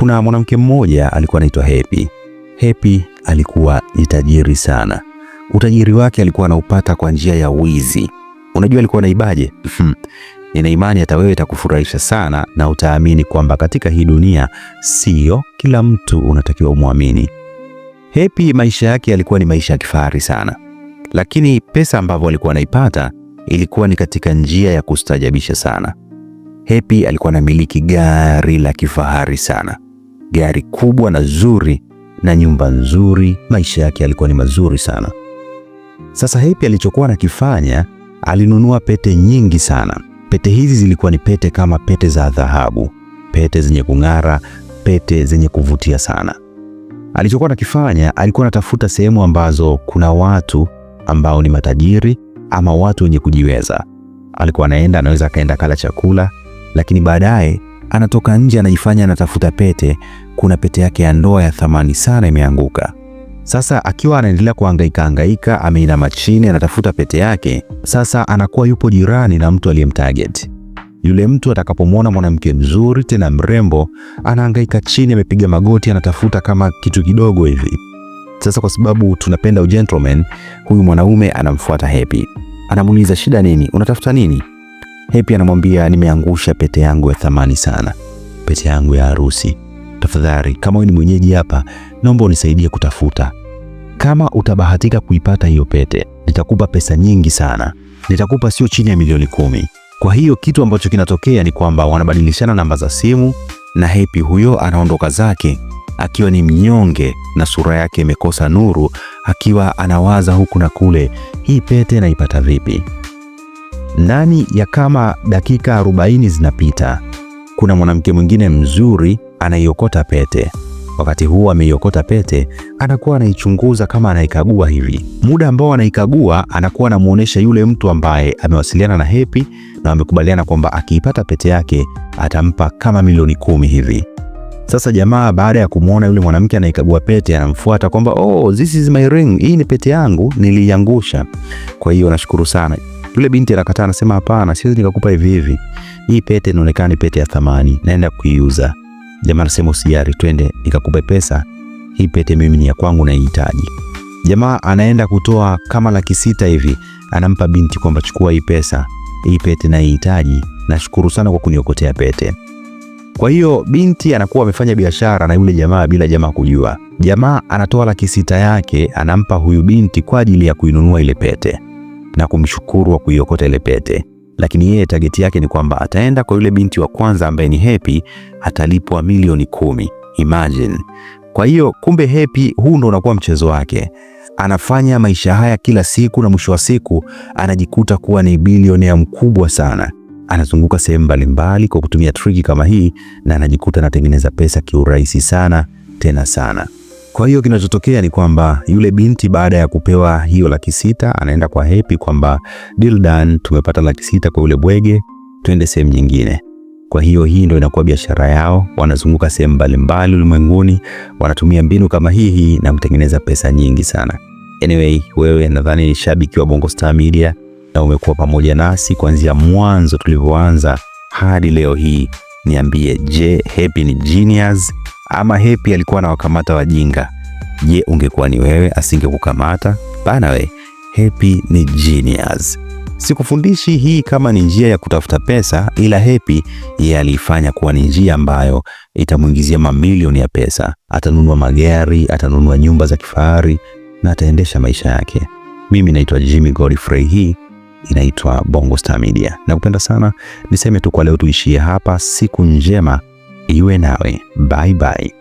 Kuna mwanamke mmoja alikuwa anaitwa Happy. Happy alikuwa ni tajiri sana. Utajiri wake alikuwa anaupata kwa njia ya wizi. Unajua alikuwa anaibaje? Hmm. Nina imani hata wewe itakufurahisha sana na utaamini kwamba katika hii dunia sio kila mtu unatakiwa umwamini. Happy maisha yake yalikuwa ni maisha ya kifahari sana, lakini pesa ambavyo alikuwa anaipata ilikuwa ni katika njia ya kustajabisha sana. Happy alikuwa anamiliki gari la kifahari sana gari kubwa na zuri na nyumba nzuri. Maisha yake yalikuwa ni mazuri sana. Sasa Hepi alichokuwa anakifanya, alinunua pete nyingi sana. Pete hizi zilikuwa ni pete kama pete za dhahabu, pete zenye kung'ara, pete zenye kuvutia sana. Alichokuwa anakifanya, alikuwa anatafuta sehemu ambazo kuna watu ambao ni matajiri ama watu wenye kujiweza. Alikuwa anaenda, anaweza akaenda kala chakula, lakini baadaye Anatoka nje, anajifanya anatafuta pete. Kuna pete yake ya ndoa ya thamani sana imeanguka. Sasa akiwa anaendelea kuhangaika hangaika, ameinama chini anatafuta pete yake. Sasa anakuwa yupo jirani na mtu aliyemtarget. Yule mtu atakapomwona mwanamke mzuri tena mrembo, anahangaika chini, amepiga magoti, anatafuta kama kitu kidogo hivi. Sasa kwa sababu tunapenda ugentleman, huyu mwanaume anamfuata Happy, anamuuliza shida nini, unatafuta nini? Hepi anamwambia nimeangusha pete yangu ya thamani sana, pete yangu ya harusi. Tafadhali, kama wewe ni mwenyeji hapa, naomba unisaidie kutafuta. Kama utabahatika kuipata hiyo pete, nitakupa pesa nyingi sana, nitakupa sio chini ya milioni kumi. Kwa hiyo kitu ambacho kinatokea ni kwamba wanabadilishana namba za simu na Hepi huyo anaondoka zake akiwa ni mnyonge na sura yake imekosa nuru, akiwa anawaza huku na kule, hii pete naipata vipi? Ndani ya kama dakika 40 zinapita, kuna mwanamke mwingine mzuri anaiokota pete. Wakati huo ameiokota pete, anakuwa anaichunguza kama anaikagua hivi. Muda ambao anaikagua, anakuwa anamwonyesha yule mtu ambaye amewasiliana na Hepi na wamekubaliana kwamba akiipata pete yake atampa kama milioni kumi hivi. Sasa jamaa baada ya kumwona yule mwanamke anaikagua pete anamfuata kwamba oh, this is my ring, hii ni pete yangu niliiangusha. Kwa hiyo nashukuru sana. Yule binti anakataa, anasema hapana, siwezi nikakupa hivi hivi. Hii pete inaonekana ni pete ya thamani, naenda kuiuza. Jamaa anasema usijali, twende nikakupe pesa. Hii pete mimi ni ya kwangu na nahitaji. Jamaa anaenda kutoa kama laki sita hivi, anampa binti kwamba chukua hii pesa. Hii pete naihitaji. Nashukuru sana kwa kuniokotea pete. Kwa hiyo binti anakuwa amefanya biashara na yule jamaa bila jamaa kujua. Jamaa anatoa laki sita yake anampa huyu binti kwa ajili ya kuinunua ile pete na kumshukuru wa kuiokota ile pete, lakini yeye tageti yake ni kwamba ataenda kwa yule binti wa kwanza ambaye ni Happy, atalipwa milioni kumi. Imagine. Kwa hiyo kumbe Happy, huu ndo unakuwa mchezo wake anafanya maisha haya kila siku, na mwisho wa siku anajikuta kuwa ni bilionea mkubwa sana. Anazunguka sehemu mbalimbali kwa kutumia triki kama hii, na anajikuta anatengeneza pesa kiurahisi sana tena sana. Kwa hiyo kinachotokea ni kwamba yule binti baada ya kupewa hiyo laki sita anaenda kwa Hepi kwamba deal done, tumepata laki sita kwa yule bwege, twende sehemu nyingine. Kwa hiyo hii ndio inakuwa biashara yao, wanazunguka sehemu mbalimbali ulimwenguni, wanatumia mbinu kama hii hii na kutengeneza pesa nyingi sana. Anyway, wewe nadhani ni shabiki wa Bongo Star Media na umekuwa pamoja nasi kuanzia mwanzo tulivyoanza hadi leo hii. Niambie, je, Happy ni genius ama Happy alikuwa na wakamata wajinga? Je, ungekuwa ni wewe asingekukamata bana? We, Happy ni genius. Sikufundishi hii kama ni njia ya kutafuta pesa, ila Happy yeye aliifanya kuwa ni njia ambayo itamwingizia mamilioni ya pesa. Atanunua magari, atanunua nyumba za kifahari na ataendesha maisha yake. Mimi naitwa Jimmy Godfrey hii inaitwa Bongo Star Media. kupenda sana, niseme tu kwa leo tuishie hapa. Siku njema iwe nawe, bye bye.